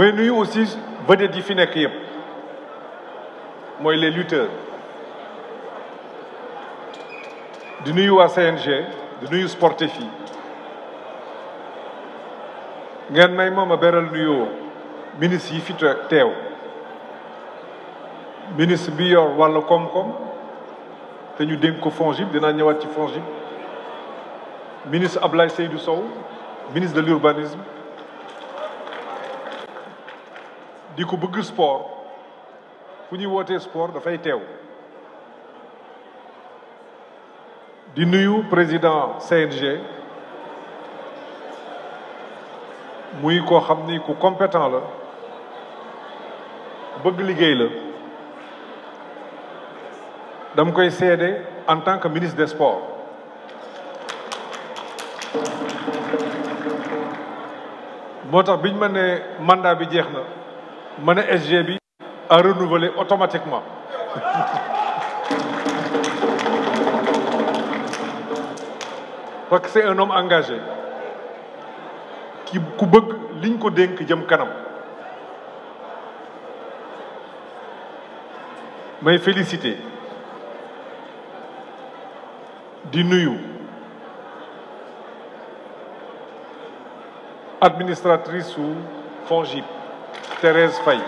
may nuyu aussi vedette yi fi nekk yëpp mooy les lutteurs di nuyu waa CNG di nuyu sportif yi ngeen may moom a beral nuyoo ministre yi fi teew ministre bi yor wàllu koom-koom te ñu dénk ko FONGIP dinaa ñëwaat ci FONGIP ministre Ablaye Seydou Sow ministre de l'urbanisme di ko bëgg sport fu ñuy wootee sport dafay teew di nuyu président CNG muy koo xam ni ku compétent la bëgg liggéey la dama koy seede en tant que ministre des sports moo tax biñ ma ne mandat bi jeex na mën a SG bi à renouveler automatiquement parce que c'est un homme engagé ku bëgg liñ ko dénk jëm kanam may félicité di nuyu administratrice su FONGIP Thérèse Faye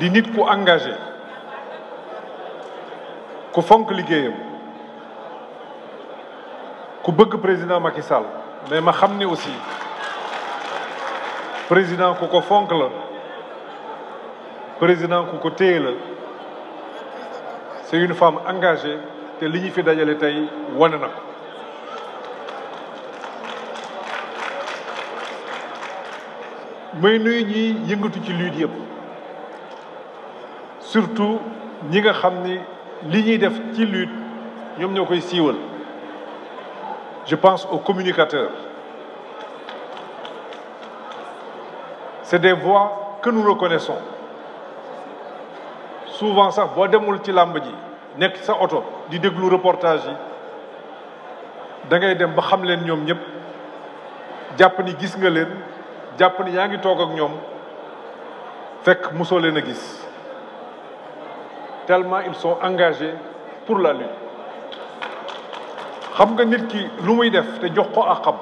di nit ku engagé ku fonk liggéeyam ku bëgg président Macky Sall mais ma xam ni aussi président ku ko fonk la président ku ko téela la c'est une femme engagée te li ñu fi dajale tey wane na may nuyu ñiy yëngatu ci lutte yëpp surtout ñi nga xam ni li ñuy def ci lutte ñoom ñoo koy siiwal je pense aux communicateur c'est des voix que nous reconnaissons souvent sax boo demul ci làmb ji nekk sa oto di déglu reportage yi da ngay dem ba xam leen ñoom ñëpp jàpp ni gis nga leen jàpp ni yaa ngi toog ak ñoom fekk mosoo leen a gis tellement ils sont engagés pour la lutte xam nga nit ki lu muy def te jox ko ak xam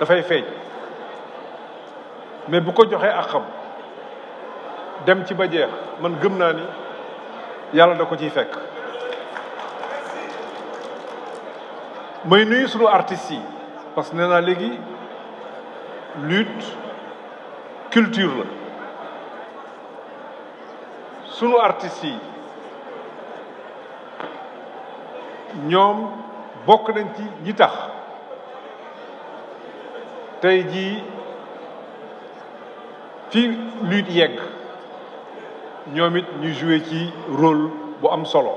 dafay feeñ mais bu ko joxee ak xam dem ci ba jeex man gëm naa ni yàlla la ko ciy fekk may nuyu sunu artistes yi parce nee naa léegi lut culture la sunu artistes yi ñoom bokk nañ ci ñi tax tey jii fi lutte yegg ñoom ñu joué ci rôle bu am solo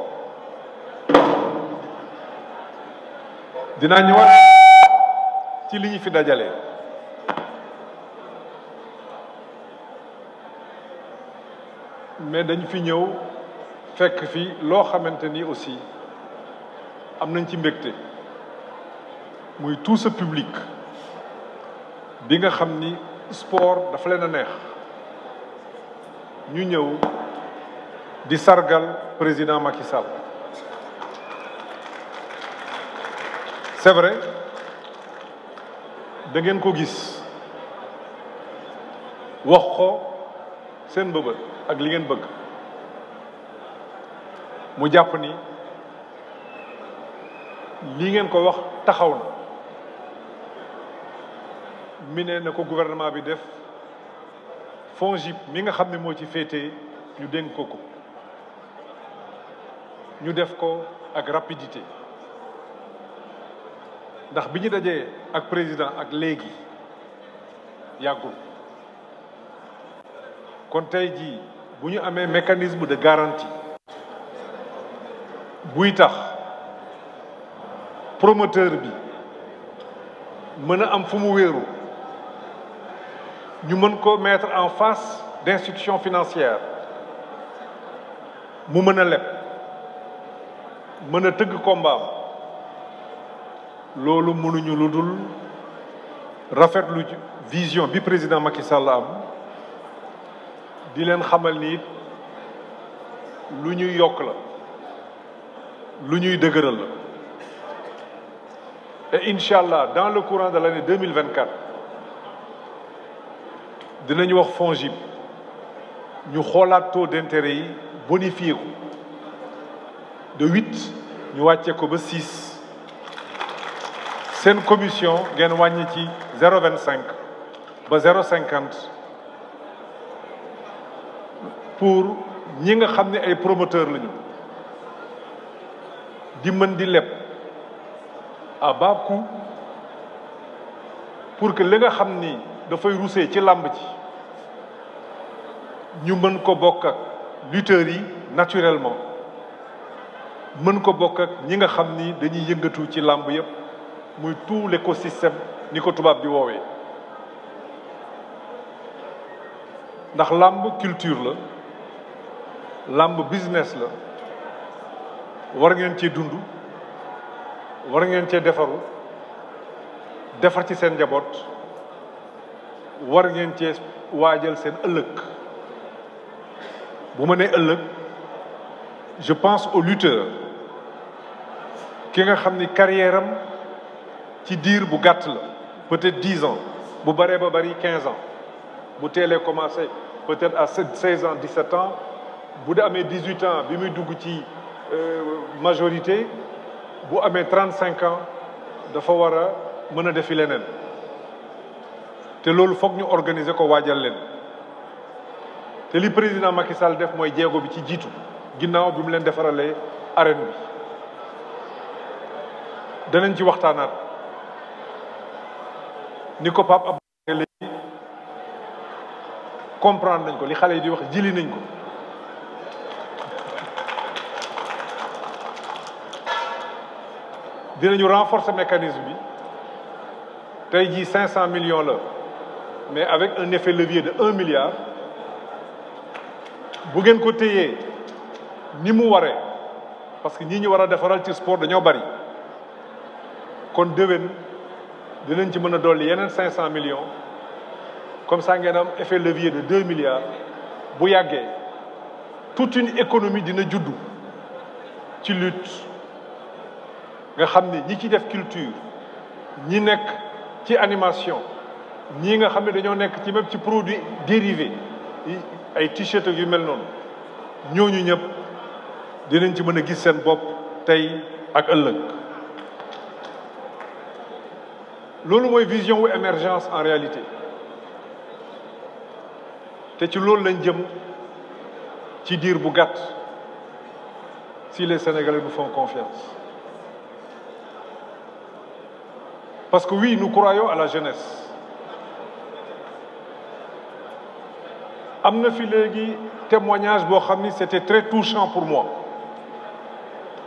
dinaa ñëwaat ci li ñu fi dajalee mais dañu fi ñëw fekk fi loo xamante ni aussi am nañ ci mbégte muy tout ce public bi nga xam ni sport dafa leen a neex ñu ñëw di sargal président Macky Sall c'est vrai da ngeen ko gis wax ko. seen mbëbët ak li ngeen bëgg mu jàpp ni lii ngeen ko wax taxaw na mi ne na ko gouvernement bi def FONGIP mi nga xam ne moo ci féete ñu dénk ko ko ñu def ko ak rapidité ndax bi ñu dajee ak président ak léegi yàggul kon tey jii bu ñu amee mécanisme de garantie buy tax promoteur bi mën a am fu mu wéeru ñu mën ko mettre en face d'institutions financière mu mën a leb mën a tëgg kombaam loolu mënuñu lu dul rafetlu vision bi président Macky Sall di leen xamal nii lu ñuy yokk la lu ñuy dëgëral la et incha allah dans le courant de l'année deux mille vingt quatre dinañu wax FONGIP ñu xoolaat taux d'intérêt yi bonifié ko de huit ñu wàccee ko ba six seen commission ngeen wàññi ci zéro vingt cinq ba zéro cinquante pour ñi nga xam ne ay promoteur lañu di mën di leb à bas pour que li nga xam ni dafay rusee ci làmb ji ñu mën ko bokk ak lutteurs yi naturellement mën ko bokk ak ñi nga xam ni dañuy yëngatu ci làmb yëpp muy tout l'écosystème ni ko tubaab bi woowee ndax làmb culture la làmb business la war ngeen cee dund war ngeen cee defaru defar ci seen njaboot war ngeen cee waajal seen ëllëg bu ma nee ëllëg je pense au lutteur ki nga xam ni carrière ci diir bu gàtt la peut-être dix ans bu baree ba bari quinze ans bu teelee commencé peut-être à seize ans dix-sept ans bu da amee dix huit ans bi muy dugg ci euh, majorité bu amee trente cinq ans dafa war a mën a defi leneen te loolu foog ñu organiser ko waajal leen te li président Macky Sall def mooy jéego bi ci jiitu ginnaaw bi mu leen defarale arène bi danañ ci waxtaanaat ni ko Pape Abdoulaye léegi comprendre nañ ko li xale yi di wax jilli nañ ko dinañu renforcer mécanisme bi tey jii cinq cent millions la mais avec un effet levier de un milliard bu ngeen ko téyee ni mu waree parce que ñii ñu war a defaral ci sport dañoo bari kon déwén dinañ ci mën a dolli yeneen cinq cent millions comme sangeenam ngeen am effet levier de deux milliards bu yàggee toute une économie dina juddu ci lutte nga xam ni ñi ci def culture ñi nekk ci animation ñi nga xam ne dañoo nekk ci même ci produit dérivé ay t-shirt yu mel noonu ñooñu ñëpp dinañ ci mën a gis seen bopp tey ak ëllëg loolu mooy vision wu émergence en réalité te ci loolu lañ jëm ci diir bu gàtt si les Sénégalais bu font confiance Parce que oui, nu croyons à la jeunesse. am na fi léegi témoignage boo xam ni c'était très touchant pour moi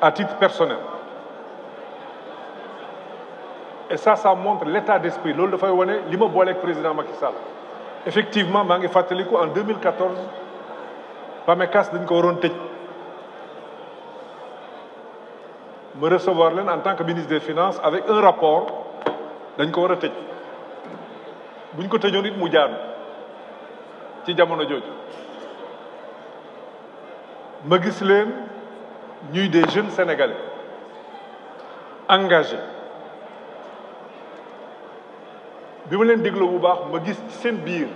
à titre personnel et ça ça montre l'état d'esprit loolu dafay wane li ma booleeg président Macky Sall effectivement maa ngi fàttaliku en 2014 PAMECAS dañ ko waroon tëj ma recevoir leen en tant que ministre des finances avec un rapport dañ ko war a tëj buñ ko tëjoon it mu jaadu ci jamono jooju ma gis leen ñuy des jeunes sénégalais engagés bi ma leen dégloo bu baax ma gis seen biir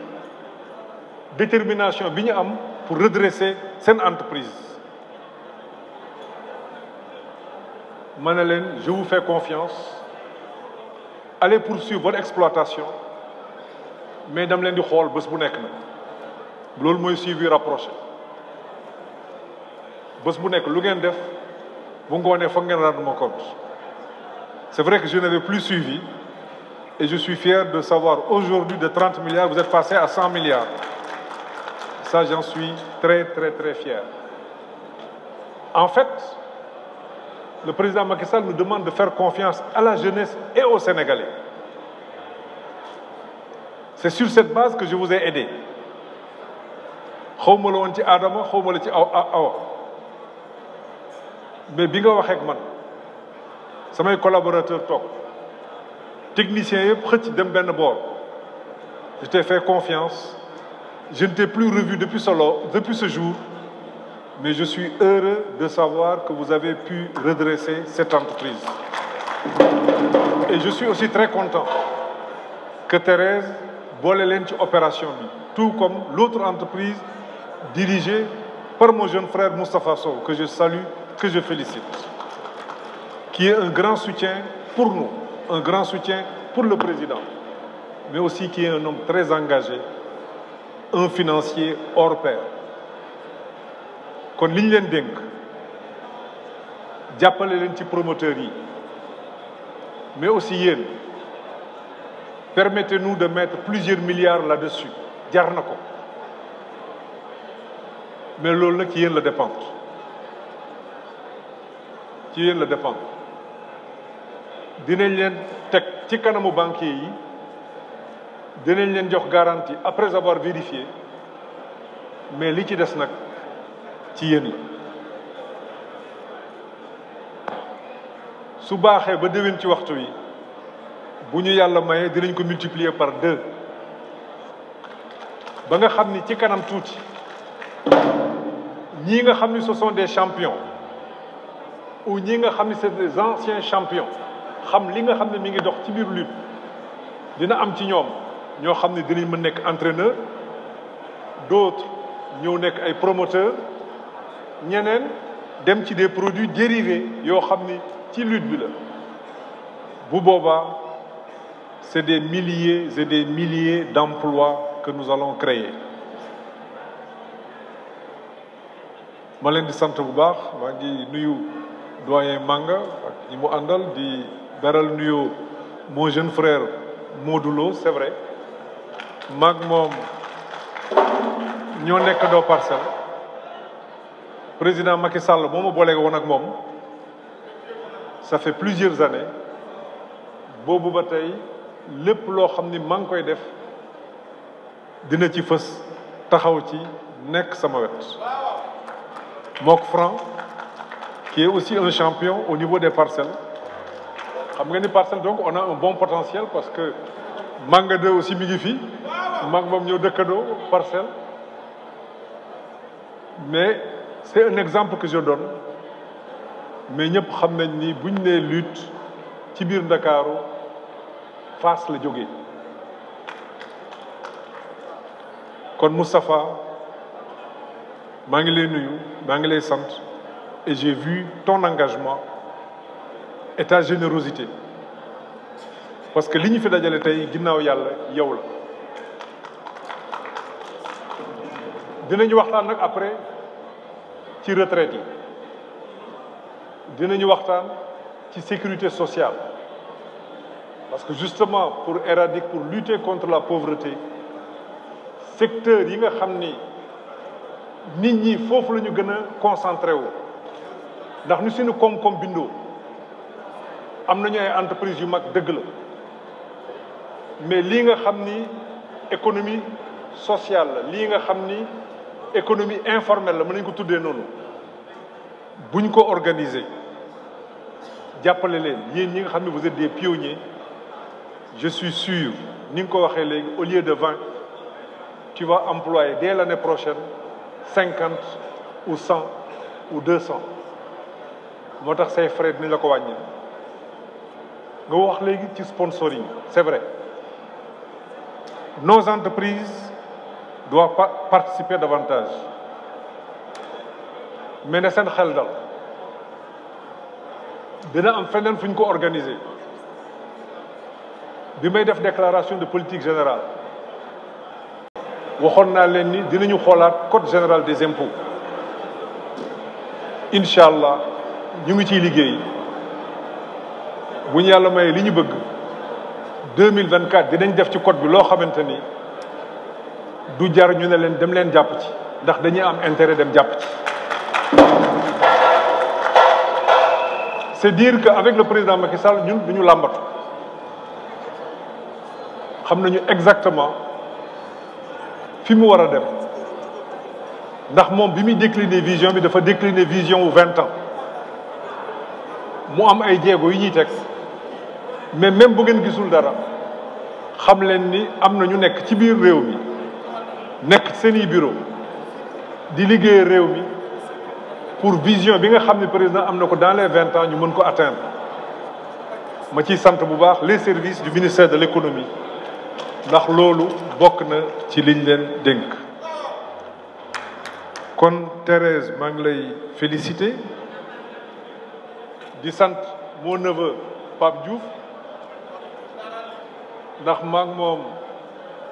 détermination bi ñu am pour redresser seen entreprise ma ne leen je vous fais confiance allez poursuivre votre exploitation mais dam leen di xool bés bu nekk nag loolu mooy suivi rapproché bés bu nekk lu ngeen def bu ngoonee foog ngeen rendre ma compte c'est vrai que je n'avais plus suivi et je suis fier de savoir aujourd'hui de 30 milliards vous êtes passé à 100 milliards ça j'en suis très très très fier en fait le président Macky Sall nous demande de faire confiance à la jeunesse et aux Sénégalais. C'est sur cette base que je vous ai aidé. xawma la woon ci aadama xawma la ci aw awa mais bi nga waxeek man samay collaborateur toog technicien yëpp xëcc dem benn boor je t'ai fait confiance je ne t'ai plus revu solo depuis ce jour mais je suis heureux de savoir que vous avez pu redresser cette entreprise. Et je suis aussi très content que Thérèse boole leen ci opération bi tout comme l'autre entreprise dirigée par mon jeune frère Moustapha Sow que je salue, que je félicite, qui est un grand soutien pour nous, un grand soutien pour le président, mais aussi qui est un homme très engagé, un financier hors kon liñ leen dénk jàppale leen ci promoteurs yi mais aussi yéen permettez nu de mettre plusieurs milliards là-dessus jar na ko mais loolu nag ci yéen la dépendre ci yéen la dépendre dinañ leen teg ci kanamu banquier yi dinañ leen jox garantie après avoir vérifié mais li ci des nag ci yéen la su baaxee ba déwén ci waxtu wi bu ñu yàlla mayee dinañ ko multiplier par deux ba nga xam ni ci kanam tuuti ñii nga xam ni ce sont des champions ou ñii nga xam ni c'est des anciens champions xam li nga xam ne mi ngi dox ci biir lutte dina am ci ñoom ñoo xam ne dinañ mën nekk entraîneur d'autres ñëw nekk ay promoteurs ñeneen dem ci des produits dérivés yoo xam ni ci lutte bi la bu boobaa c'est des milliers et des milliers d'emplois que nous allons créer ma leen di sant bu baax maa ngi nuyu doyen Manga ak ñi mu àndal di beral nuyu mon jeune frère Modou Lo c'est vrai maag moom ñoo nekk doo parcelle président Macky Sall moo ma booleeg woon ak moom ça fait plusieurs années boobu ba tey lépp loo xam ni maa ngi koy def dina ci fës taxaw ci nekk sama wet Mook Franc qui est aussi un champion au niveau des parcelles xam nga ni parcelle donc on a un bon potentiel parce que nga 2 aussi mi ngi fi mag moom ñëw dëkkandoo parcelle mais c'est un exemple que je donne mais ñëpp xam nañ ni buñ ne lutte ci biir Ndakaaru Fass la jógee kon Moustapha maa ngi lay nuyu maa ngi lay sant et j'ai vu ton engagement et ta générosité parce que li ñu fi dajale tey ginnaaw yàlla yow la dinañu waxtaan nag après ci retraite yi dinañu waxtaan ci sécurité sociale parce que justement pour éradiquer pour lutter contre la pauvreté secteur yi nga xam ni nit ñi foofu la ñu gën a concentré wu ndax ñu suñu koom-koom bindoo am nañu ay entreprise yu mag dëgg la mais lii nga xam ni économie sociale la lii nga xam ni économie informelle la mën nañu ko tuddee noonu buñ ko organiser jàppale leen yéen ñi nga xam ne vous êtes des pionniers je suis sûr ni nga ko waxee léegi au lieu de vingt tu vas employer dès l'année prochaine cinquante ou cent ou deux cent moo tax say frais ni la ko wàññi nga wax léegi ci sponsoring c'est vrai nos entreprises doit participer davantage mais ne seen xel dal dina am feneen fu ñu ko organiser bi may def déclaration de politique générale waxoon naa leen ni dinañu xoolaat code général des impôts incha allah ñu ngi ciy liggéey bu ñu yàlla maye li ñu bëgg deux mille vingt-quatre dinañ def ci cote bi loo xamante ni du jar ñu ne leen dem leen jàpp ci ndax dañuy am intérêt dem jàpp ci c'est dire que avec le président Macky Sall ñun du ñu làmbatu xam nañu exactement fi mu war a dem ndax moom bi muy décliner vision bi dafa décliner vision wu vingt ans mu am ay jéego yu ñuy teg mais même bu ngeen gisul dara xam leen ni am na ñu nekk ci biir réew mi nekk seeni bureau di liggéey réew bi pour vision bi nga xam ne président am na ko dans les vingt ans ñu mën ko atteindre ma ciy sant bu baax les services du ministère de l'économie ndax loolu bokk na ci liñ leen dénk kon Thérèse maa ngi lay féliciter di sant mon neveu Pape Diouf ndax maa ngi moom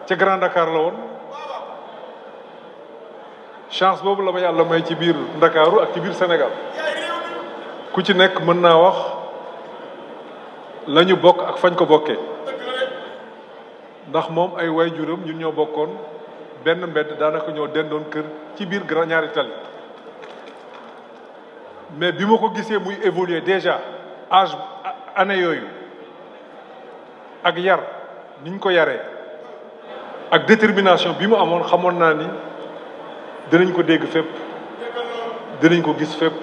ca Grand Dakar la woon chance boobu la yàlla may ci biir Ndakaaru ak ci biir Sénégal ku ci nekk mën naa wax la ñu bokk ak fañ ko bokkee ndax moom ay waajuram ñun ñoo bokkoon benn mbedd daanaka ñoo dendoon kër ci biir grand ñaari tali mais bi ma ko gisee muy évoluer déjà âge année yooyu ak yar niñ ko yaree ak détermination bi mu amoon xamoon naa ni dinañ ko dégg fépp dinañ ko gis fépp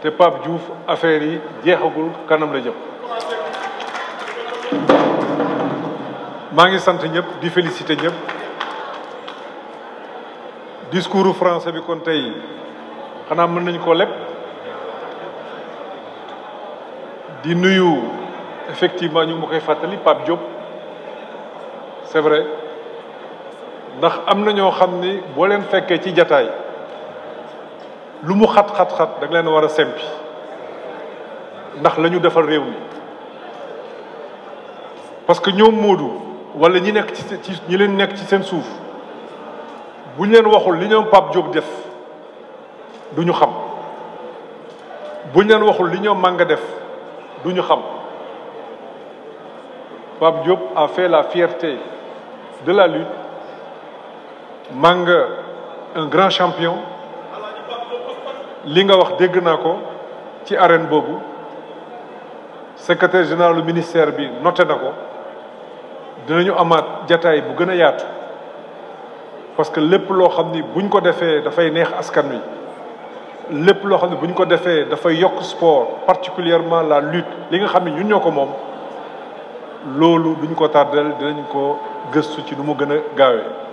te Pape Diouf affaire yi jeexagul kanam la jëm maa ngi sant ñëpp di félicité ñëpp discours français bi kon tey xanaa mën nañ koo lépp di nuyu effectivement ñu ma koy fàttali Pape Diop c'est vrai ndax am na ñoo xam ni boo leen fekkee ci jataay lu mu xat-xat-xat da leen war a sempi ndax lañu defal réew mi parce que ñoom moodu wala ñi nekk ci ñi leen nekk ci seen suuf bu ñu leen waxul li ñoom Pape Diop def du ñu xam bu leen waxul li ñoom Manga def du xam Pape Diop a fait la fierté de la lutte Manga un grand champion li nga wax dégg naa ko ci arène boobu secrétaire général du ministère bi noté na ko dinañu amaat jataay bu gën a yaatu parce que lépp loo xam ni buñ ko defee dafay neex askan wi lépp loo xam ne buñ ko defee dafay yokk sport particulièrement la lutte li nga xam ne ñun ñoo ko moom loolu duñ ko tardel dinañ ko gëstu ci nu mu gën a gaawe